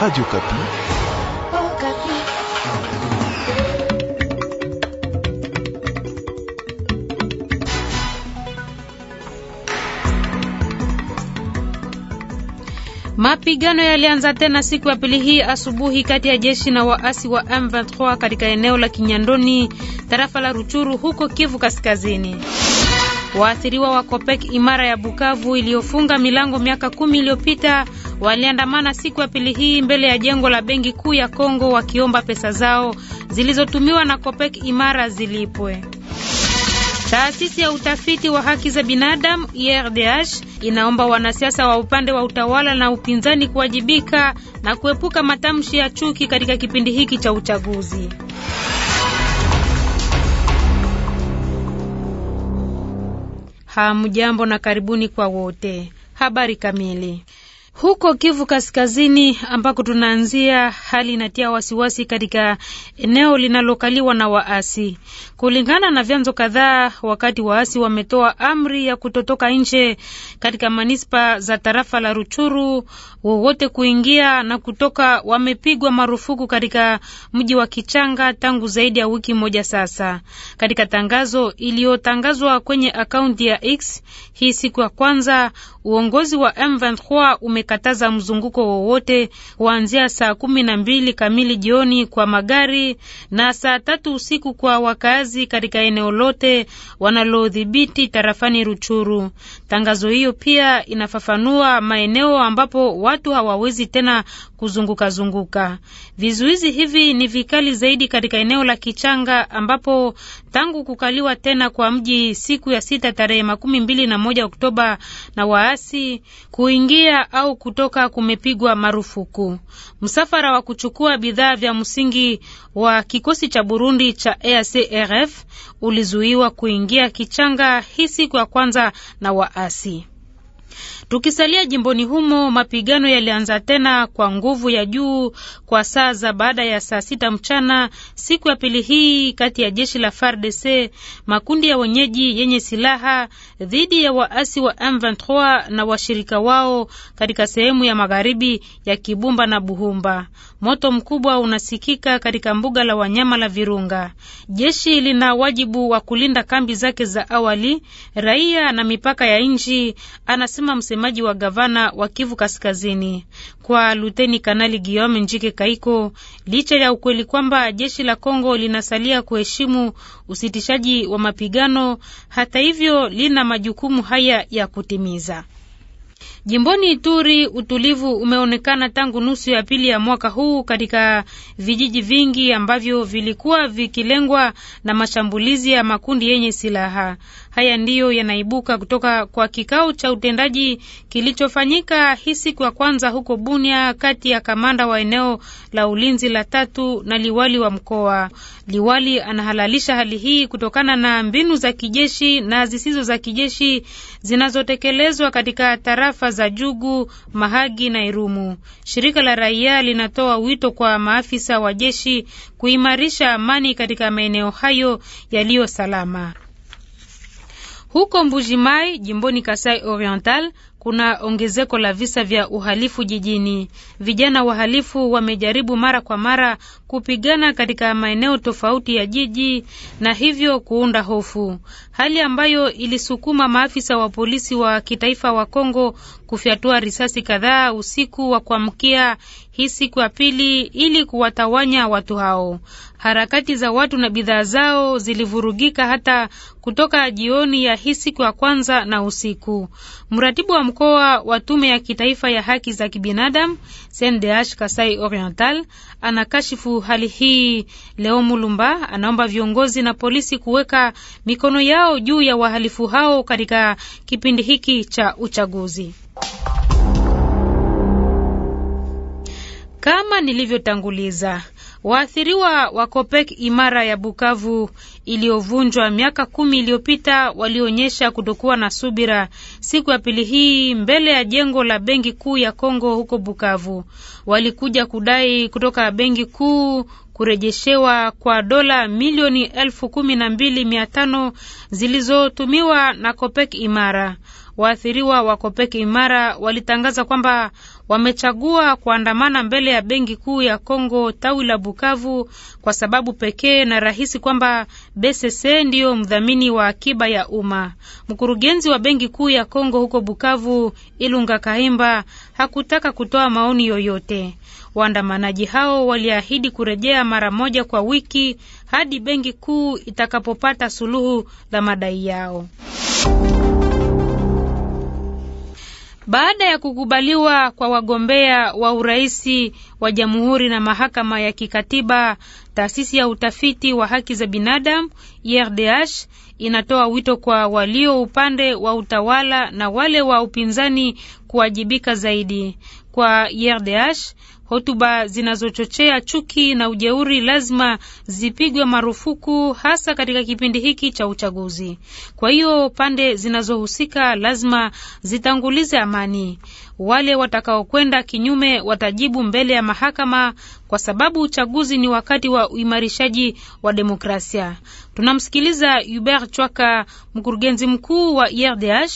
Radio Kapi. Oh, Kapi. Mapigano yalianza tena siku ya pili hii asubuhi kati ya jeshi na waasi wa M23 katika eneo la Kinyandoni, tarafa la Ruchuru huko Kivu Kaskazini. Waathiriwa wa Kopek Imara ya Bukavu iliyofunga milango miaka kumi iliyopita waliandamana siku ya pili hii mbele ya jengo la benki kuu ya Kongo wakiomba pesa zao zilizotumiwa na Kopek Imara zilipwe. Taasisi ya utafiti wa haki za binadamu IRDH inaomba wanasiasa wa upande wa utawala na upinzani kuwajibika na kuepuka matamshi ya chuki katika kipindi hiki cha uchaguzi. Hamjambo na karibuni kwa wote. Habari kamili. Huko Kivu Kaskazini ambako tunaanzia, hali inatia wasiwasi katika eneo linalokaliwa na waasi. Kulingana na vyanzo kadhaa, wakati waasi wametoa amri ya kutotoka nje katika manispa za tarafa la Ruchuru, wowote kuingia na kutoka wamepigwa marufuku katika mji wa Kichanga tangu zaidi ya wiki moja sasa. Katika tangazo iliyotangazwa kwenye akaunti ya X hii siku ya kwanza, uongozi wa M23 ume amekataza mzunguko wowote kuanzia saa kumi na mbili kamili jioni kwa magari na saa tatu usiku kwa wakazi katika eneo lote wanalodhibiti tarafani Ruchuru. Tangazo hiyo pia inafafanua maeneo ambapo watu hawawezi tena kuzungukazunguka. Vizuizi hivi ni vikali zaidi katika eneo la Kichanga ambapo tangu kukaliwa tena kwa mji siku ya sita tarehe makumi mbili na moja Oktoba na waasi kuingia au au kutoka kumepigwa marufuku. Msafara wa kuchukua bidhaa vya msingi wa kikosi cha Burundi cha EACRF ulizuiwa kuingia Kichanga hii siku ya kwanza na waasi. Tukisalia jimboni humo, mapigano yalianza tena kwa nguvu ya juu kwa saa za baada ya saa sita mchana siku ya pili hii kati ya jeshi la FARDC, makundi ya wenyeji yenye silaha dhidi ya waasi wa M23 na washirika wao katika sehemu ya magharibi ya Kibumba na Buhumba. Moto mkubwa unasikika katika mbuga la wanyama la Virunga. Jeshi lina wajibu wa kulinda kambi zake za awali, raia na mipaka ya nchi, anasema msemaji wa gavana wa Kivu Kaskazini. Kwa Luteni Kanali Guillaume Njike Kaiko, licha ya ukweli kwamba jeshi la Kongo linasalia kuheshimu usitishaji wa mapigano, hata hivyo lina majukumu haya ya kutimiza. Jimboni Ituri utulivu umeonekana tangu nusu ya pili ya mwaka huu katika vijiji vingi ambavyo vilikuwa vikilengwa na mashambulizi ya makundi yenye silaha. Haya ndiyo yanaibuka kutoka kwa kikao cha utendaji kilichofanyika hii siku ya kwanza huko Bunia kati ya kamanda wa eneo la ulinzi la tatu na liwali wa mkoa. Liwali anahalalisha hali hii kutokana na mbinu za kijeshi na zisizo za kijeshi zinazotekelezwa katika tarafa tarafa za Jugu, Mahagi na Irumu. Shirika la raia linatoa wito kwa maafisa wa jeshi kuimarisha amani katika maeneo hayo yaliyo salama. Huko Mbujimai, jimboni Kasai Oriental, kuna ongezeko la visa vya uhalifu jijini. Vijana wahalifu wamejaribu mara kwa mara kupigana katika maeneo tofauti ya jiji na hivyo kuunda hofu, hali ambayo ilisukuma maafisa wa polisi wa kitaifa wa Kongo kufyatua risasi kadhaa usiku wa kuamkia hii siku ya pili ili kuwatawanya watu hao harakati za watu na bidhaa zao zilivurugika hata kutoka jioni ya hii siku ya kwanza na usiku. Mratibu wa mkoa wa tume ya kitaifa ya haki za kibinadamu CNDH Kasai Oriental anakashifu hali hii. Leo Mulumba anaomba viongozi na polisi kuweka mikono yao juu ya wahalifu hao katika kipindi hiki cha uchaguzi. Kama nilivyotanguliza, waathiriwa wa Kopek Imara ya Bukavu iliyovunjwa miaka kumi iliyopita walionyesha kutokuwa na subira siku ya pili hii mbele ya jengo la Benki Kuu ya Kongo huko Bukavu. Walikuja kudai kutoka Benki Kuu kurejeshewa kwa dola milioni elfu kumi na mbili mia tano zilizotumiwa na Kopek Imara. Waathiriwa wa Kopeki Imara walitangaza kwamba wamechagua kuandamana mbele ya benki kuu ya Kongo tawi la Bukavu kwa sababu pekee na rahisi kwamba BCC ndiyo mdhamini wa akiba ya umma. Mkurugenzi wa benki kuu ya Kongo huko Bukavu, Ilunga Kahimba, hakutaka kutoa maoni yoyote. Waandamanaji hao waliahidi kurejea mara moja kwa wiki hadi benki kuu itakapopata suluhu la madai yao. Baada ya kukubaliwa kwa wagombea wa uraisi wa jamhuri na mahakama ya kikatiba, taasisi ya utafiti wa haki za binadamu IRDH inatoa wito kwa walio upande wa utawala na wale wa upinzani kuwajibika zaidi. Kwa IRDH Hotuba zinazochochea chuki na ujeuri lazima zipigwe marufuku, hasa katika kipindi hiki cha uchaguzi. Kwa hiyo pande zinazohusika lazima zitangulize amani. Wale watakaokwenda kinyume watajibu mbele ya mahakama, kwa sababu uchaguzi ni wakati wa uimarishaji wa demokrasia. Tunamsikiliza Hubert Chwaka, mkurugenzi mkuu wa IRDH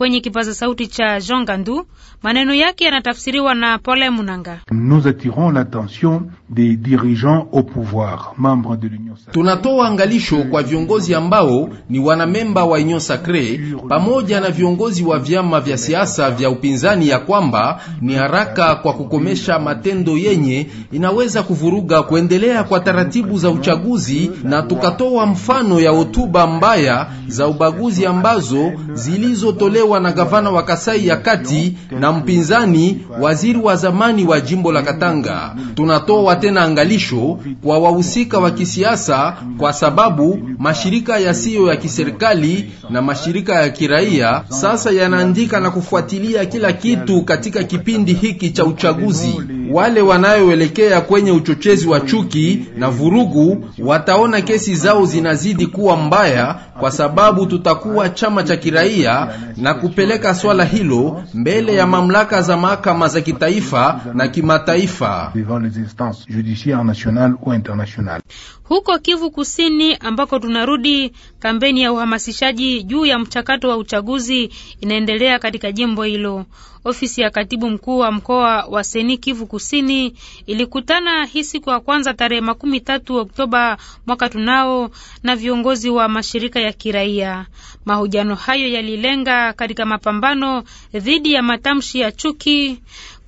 kwenye kipaza sauti cha Jean Gandu. Maneno yake yanatafsiriwa na Pole Munanga. Nous attirons l'attention des dirigeants au pouvoir, membres de l'Union Sacrée. Tunatoa angalisho kwa viongozi ambao ni wanamemba wa Union Sacrée pamoja na viongozi wa vyama vya siasa vya upinzani ya kwamba ni haraka kwa kukomesha matendo yenye inaweza kuvuruga kuendelea kwa taratibu za uchaguzi, na tukatoa mfano ya hotuba mbaya za ubaguzi ambazo zilizotolewa kutolewa na gavana wa Kasai ya kati na mpinzani waziri wa zamani wa jimbo la Katanga. Tunatoa tena angalisho kwa wahusika wa kisiasa, kwa sababu mashirika yasiyo ya kiserikali na mashirika ya kiraia sasa yanaandika na kufuatilia kila kitu katika kipindi hiki cha uchaguzi. Wale wanayoelekea kwenye uchochezi wa chuki na vurugu wataona kesi zao zinazidi kuwa mbaya kwa sababu tutakuwa chama cha kiraia na kupeleka swala hilo mbele ya mamlaka za mahakama za kitaifa na kimataifa. Huko Kivu Kusini ambako tunarudi Kampeni ya uhamasishaji juu ya mchakato wa uchaguzi inaendelea katika jimbo hilo. Ofisi ya katibu mkuu wa mkoa wa Seni Kivu Kusini ilikutana hii siku ya kwanza tarehe makumi tatu Oktoba mwaka tunao na viongozi wa mashirika ya kiraia. Mahojiano hayo yalilenga katika mapambano dhidi ya matamshi ya chuki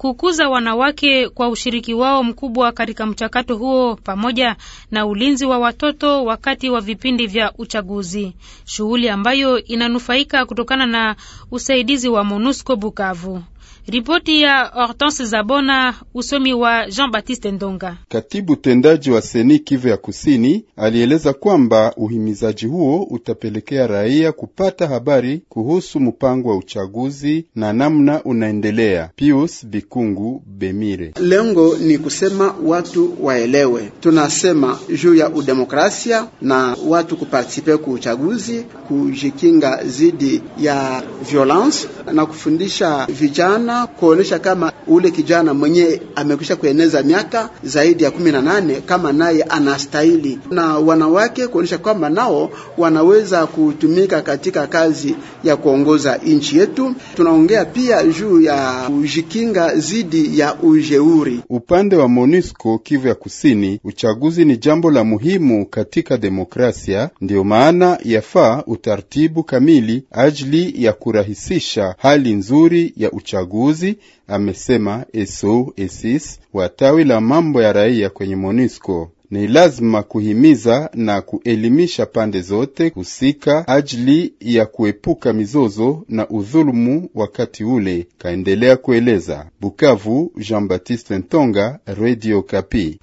kukuza wanawake kwa ushiriki wao mkubwa katika mchakato huo pamoja na ulinzi wa watoto wakati wa vipindi vya uchaguzi, shughuli ambayo inanufaika kutokana na usaidizi wa MONUSCO Bukavu. Ripoti ya Hortense Zabona, usomi wa Jean-Baptiste Ndonga. Katibu tendaji wa Seni Kivu ya Kusini alieleza kwamba uhimizaji huo utapelekea raia kupata habari kuhusu mpango wa uchaguzi na namna unaendelea. Pius Bikungu Bemire: lengo ni kusema watu waelewe, tunasema juu ya udemokrasia na watu kupartisipe ku uchaguzi, kujikinga zidi ya violence na kufundisha vijana sana kuonesha kama ule kijana mwenye amekwisha kueneza miaka zaidi ya kumi na nane kama naye anastahili, na wanawake kuonesha kwamba nao wanaweza kutumika katika kazi ya kuongoza nchi yetu. Tunaongea pia juu ya kujikinga dhidi ya ujeuri. Upande wa MONUSCO Kivu ya Kusini, uchaguzi ni jambo la muhimu katika demokrasia, ndiyo maana yafaa utaratibu kamili ajili ya kurahisisha hali nzuri ya uchaguzi uchaguzi, amesema Esou Esis wa tawi la mambo ya raia kwenye MONUSCO. Ni lazima kuhimiza na kuelimisha pande zote husika ajili ya kuepuka mizozo na udhulumu wakati ule, kaendelea kueleza. Bukavu, Jean Baptiste Ntonga, Radio Kapi.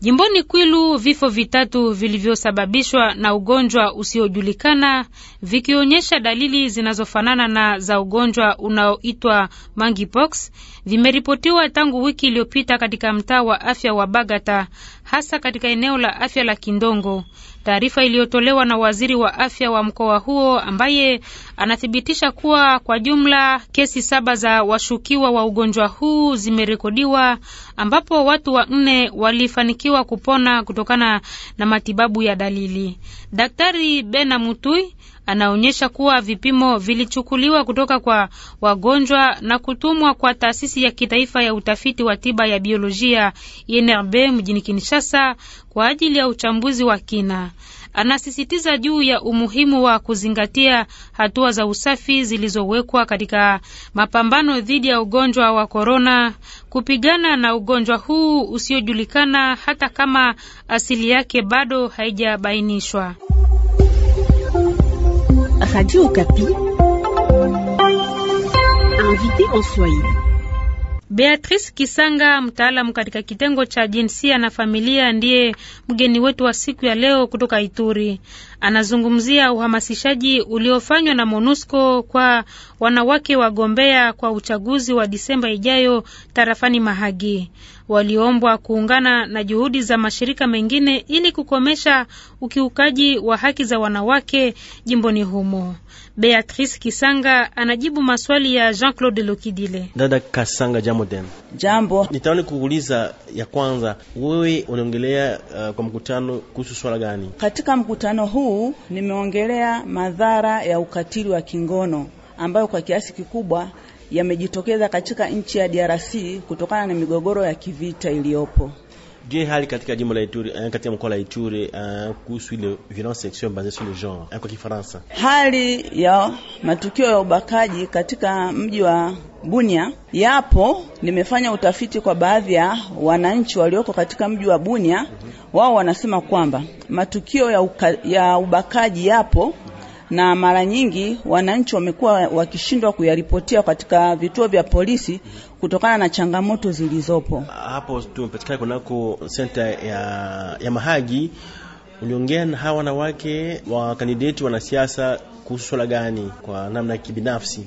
Jimboni Kwilu vifo vitatu vilivyosababishwa na ugonjwa usiojulikana vikionyesha dalili zinazofanana na za ugonjwa unaoitwa mangipox vimeripotiwa tangu wiki iliyopita katika mtaa wa afya wa Bagata hasa katika eneo la afya la Kindongo. Taarifa iliyotolewa na waziri wa afya wa mkoa huo ambaye anathibitisha kuwa kwa jumla kesi saba za washukiwa wa ugonjwa huu zimerekodiwa, ambapo watu wanne walifanikiwa kupona kutokana na matibabu ya dalili. Daktari Bena Mutui anaonyesha kuwa vipimo vilichukuliwa kutoka kwa wagonjwa na kutumwa kwa taasisi ya kitaifa ya utafiti wa tiba ya biolojia INRB mjini Kinshasa kwa ajili ya uchambuzi wa kina. Anasisitiza juu ya umuhimu wa kuzingatia hatua za usafi zilizowekwa katika mapambano dhidi ya ugonjwa wa korona, kupigana na ugonjwa huu usiojulikana hata kama asili yake bado haijabainishwa. Radio Okapi. Invité en Swahili. Beatrice Kisanga, mtaalamu katika kitengo cha jinsia na familia, ndiye mgeni wetu wa siku ya leo kutoka Ituri. Anazungumzia uhamasishaji uliofanywa na MONUSCO kwa wanawake wagombea kwa uchaguzi wa Disemba ijayo tarafani Mahagi waliombwa kuungana na juhudi za mashirika mengine ili kukomesha ukiukaji wa haki za wanawake jimboni humo. Beatrice Kisanga anajibu maswali ya Jean-Claude Lokidile. Dada Kasanga, jambo tena. Jambo. Nitaoni kuuliza ya kwanza, wewe unaongelea uh, kwa mkutano kuhusu swala gani? Katika mkutano huu nimeongelea madhara ya ukatili wa kingono ambayo kwa kiasi kikubwa yamejitokeza katika nchi ya DRC kutokana na migogoro ya kivita iliyopo. Je, hali katika jimbo la Ituri, eh, katika mkoa la Ituri eh, kuhusu ile violence sexuelle basée sur le genre eh, kwa Kifaransa? Hali ya matukio ya ubakaji katika mji wa Bunia yapo. Nimefanya utafiti kwa baadhi ya wananchi walioko katika mji wa Bunia. Mhm. Wao wanasema kwamba matukio ya, uka, ya ubakaji yapo na mara nyingi wananchi wamekuwa wakishindwa kuyaripotia katika vituo vya polisi kutokana na changamoto zilizopo. Hapo tumepatikana kunako senta ya, ya Mahagi. Uliongea na hawa wanawake wa kandidati wanasiasa kuhusu swala gani kwa namna ya kibinafsi?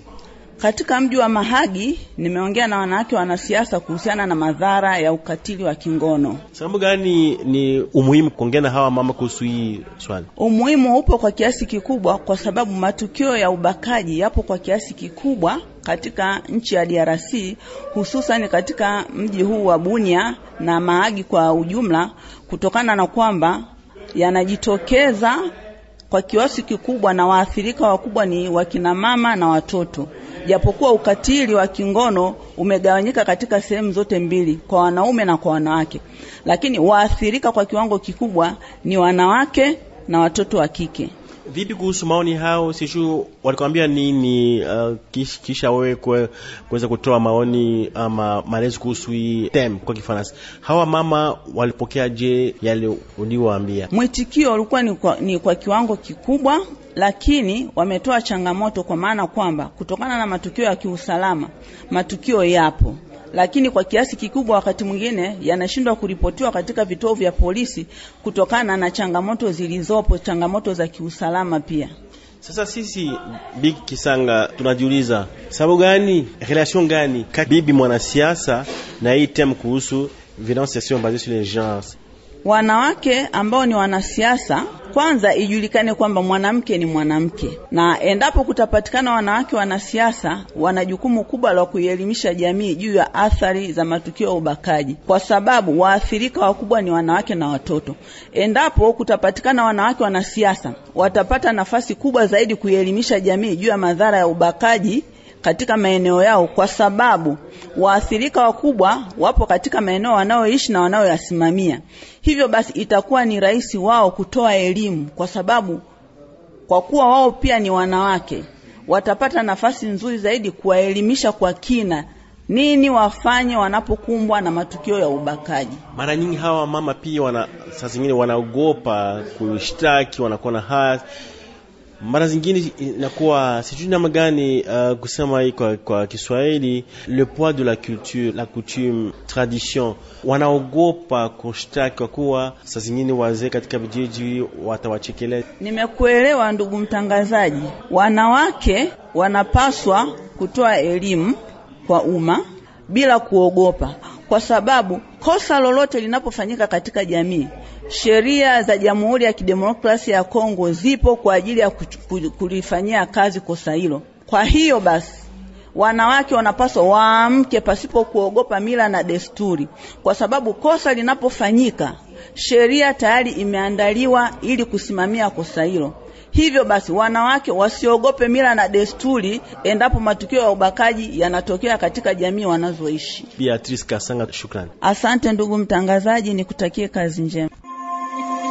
Katika mji wa Mahagi nimeongea na wanawake wanasiasa kuhusiana na madhara ya ukatili wa kingono. Sababu gani ni umuhimu kuongea na hawa mama kuhusu hii swali? Umuhimu upo kwa kiasi kikubwa kwa sababu matukio ya ubakaji yapo kwa kiasi kikubwa katika nchi ya DRC hususan katika mji huu wa Bunia na Mahagi kwa ujumla, kutokana na kwamba yanajitokeza kwa kiasi kikubwa na waathirika wakubwa ni wakina mama na watoto japokuwa ukatili wa kingono umegawanyika katika sehemu zote mbili, kwa wanaume na kwa wanawake, lakini waathirika kwa kiwango kikubwa ni wanawake na watoto wa kike. Vipi kuhusu maoni hao? Sijui walikwambia nini uh, kisha wewe kuweza kutoa maoni ama malezi kuhusu hii tem kwa Kifaransa. Hawa mama walipokea je yale uliwaambia? Mwitikio ulikuwa ni kwa, ni kwa kiwango kikubwa lakini wametoa changamoto kwa maana kwamba kutokana na matukio ya kiusalama, matukio yapo, lakini kwa kiasi kikubwa wakati mwingine yanashindwa kuripotiwa katika vituo vya polisi kutokana na changamoto zilizopo, changamoto za kiusalama pia. Sasa sisi Big Kisanga tunajiuliza sababu gani, relation gani kati bibi mwanasiasa na hii tem kuhusu violence basée sur les genres wanawake ambao ni wanasiasa kwanza ijulikane kwamba mwanamke ni mwanamke, na endapo kutapatikana wanawake wanasiasa, wana jukumu kubwa la kuielimisha jamii juu ya athari za matukio ya ubakaji, kwa sababu waathirika wakubwa ni wanawake na watoto. Endapo kutapatikana wanawake wanasiasa, watapata nafasi kubwa zaidi kuielimisha jamii juu ya madhara ya ubakaji katika maeneo yao, kwa sababu waathirika wakubwa wapo katika maeneo wanaoishi na wanaoyasimamia. Hivyo basi, itakuwa ni rahisi wao kutoa elimu, kwa sababu kwa kuwa wao pia ni wanawake, watapata nafasi nzuri zaidi kuwaelimisha kwa kina nini wafanye wanapokumbwa na matukio ya ubakaji. Mara nyingi hawa mama pia wana, saa zingine wanaogopa kushtaki, wanakuwa na haya mara zingine inakuwa sijui namna gani uh, kusema hii kwa, kwa Kiswahili le poids de la culture la coutume tradition. Wanaogopa kushtaki kwa kuwa saa zingine wazee katika vijiji watawachekelea. Nimekuelewa ndugu mtangazaji. Wanawake wanapaswa kutoa elimu kwa umma bila kuogopa, kwa sababu kosa lolote linapofanyika katika jamii Sheria za Jamhuri ya Kidemokrasia ya Kongo zipo kwa ajili ya kulifanyia kazi kosa hilo. Kwa hiyo basi wanawake wanapaswa waamke pasipo kuogopa mila na desturi, kwa sababu kosa linapofanyika sheria tayari imeandaliwa ili kusimamia kosa hilo. Hivyo basi wanawake wasiogope mila na desturi endapo matukio ya ubakaji yanatokea katika jamii wanazoishi. Beatrice Kasanga, shukrani. Asante ndugu mtangazaji, nikutakie kazi njema.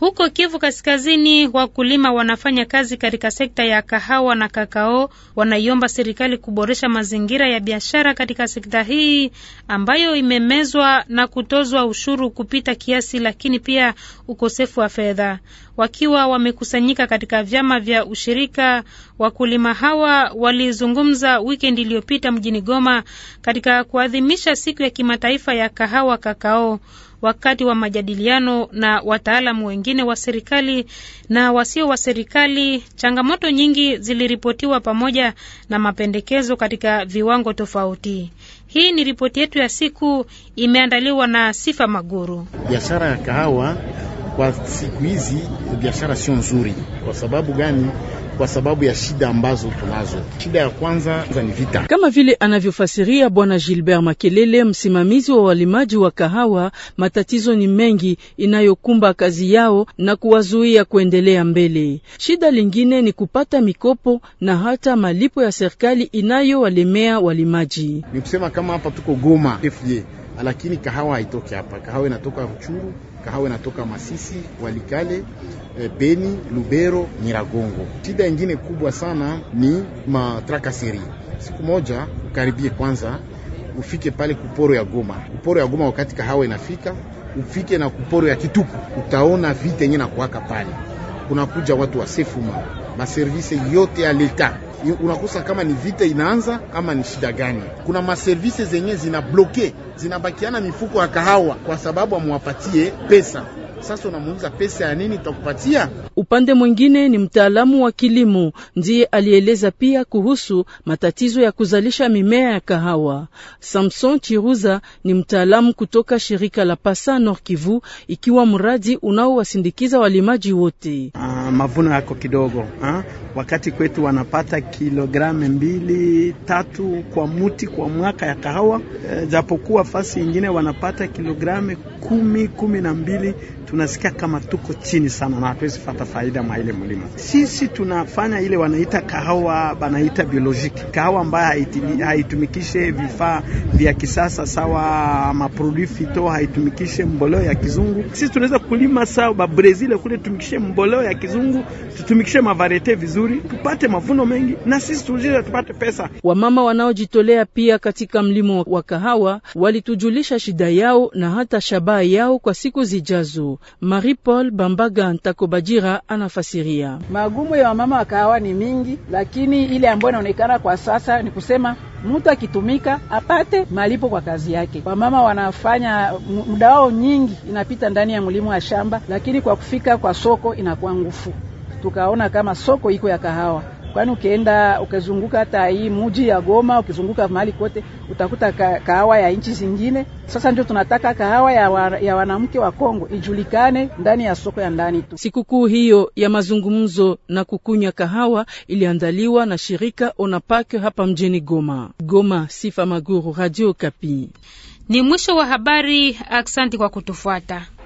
Huko Kivu Kaskazini, wakulima wanafanya kazi katika sekta ya kahawa na kakao, wanaiomba serikali kuboresha mazingira ya biashara katika sekta hii ambayo imemezwa na kutozwa ushuru kupita kiasi, lakini pia ukosefu wa fedha. Wakiwa wamekusanyika katika vyama vya ushirika, wakulima hawa walizungumza wikendi iliyopita mjini Goma katika kuadhimisha siku ya kimataifa ya kahawa kakao wakati wa majadiliano na wataalamu wengine wa serikali na wasio wa serikali. Changamoto nyingi ziliripotiwa pamoja na mapendekezo katika viwango tofauti. Hii ni ripoti yetu ya siku, imeandaliwa na Sifa Maguru. Biashara ya kahawa kwa siku hizi biashara sio nzuri. Kwa sababu gani? kwa sababu ya shida ambazo tunazo. Shida ya kwanza ni vita, kama vile anavyofasiria Bwana Gilbert Makelele, msimamizi wa walimaji wa kahawa. Matatizo ni mengi inayokumba kazi yao na kuwazuia kuendelea mbele. Shida lingine ni kupata mikopo na hata malipo ya serikali inayowalemea walimaji. Ni kusema kama hapa tuko Goma, lakini kahawa haitoki hapa, kahawa inatoka Ruchuru kahawa inatoka Masisi, Walikale, eh, Beni, Lubero, Nyiragongo. Shida ingine kubwa sana ni matrakaseri. Siku moja ukaribie kwanza ufike pale kuporo ya Goma, kuporo ya Goma, wakati kahawa inafika ufike na kuporo ya Kituku, utaona vita yenye nakuwaka pale, kunakuja watu wa sefuma maservise yote ya leta unakosa kama ni vita inaanza ama ni shida gani. Kuna maservise zenye zina bloke zinabakiana mifuko ya kahawa kwa sababu amuwapatie pesa. Sasa unamuuliza pesa ya nini tutakupatia? Upande mwingine ni mtaalamu wa kilimo ndiye alieleza pia kuhusu matatizo ya kuzalisha mimea ya kahawa. Samson Chiruza ni mtaalamu kutoka shirika la Pasa Nord Kivu, ikiwa mradi unaowasindikiza walimaji wote. Uh, mavuno yako kidogo ha? Wakati kwetu wanapata kilogramu mbili tatu kwa muti kwa mwaka ya kahawa, eh, japokuwa fasi ingine wanapata kilogramu kumi kumi na mbili tunasikia kama tuko chini sana na hatuwezi fata faida mwa ile mlima. Sisi tunafanya ile wanaita kahawa, banaita biolojiki, kahawa ambayo haitumikishe vifaa vya kisasa sawa maprodui fito, haitumikishe mboleo ya kizungu. Sisi tunaweza kulima sawa ba Brazil kule, tumikishe mboleo ya kizungu, tutumikishe mavarete vizuri, tupate mavuno mengi na sisi tujia tupate pesa. Wamama wanaojitolea pia katika mlimo wa kahawa walitujulisha shida yao na hata shabaha yao kwa siku zijazo. Marie Paul Bambaga Ntakobajira anafasiria. Magumu ya wamama wa kahawa ni mingi, lakini ile ambayo inaonekana kwa sasa ni kusema mtu akitumika apate malipo kwa kazi yake. Wamama wanafanya muda wao nyingi inapita ndani ya mlimo wa shamba, lakini kwa kufika kwa soko inakuwa ngufu. Tukaona kama soko iko ya kahawa Kwani ukienda ukizunguka hata hii muji ya Goma, ukizunguka mahali kote utakuta ka, kahawa ya nchi zingine. Sasa ndio tunataka kahawa ya, wa, ya wanamke wa Kongo ijulikane ndani ya soko ya ndani tu. Sikukuu hiyo ya mazungumzo na kukunywa kahawa iliandaliwa na shirika Onapak hapa mjini Goma. Goma, Sifa Maguru, Radio Kapi. Ni mwisho wa habari. Aksanti kwa kutufuata.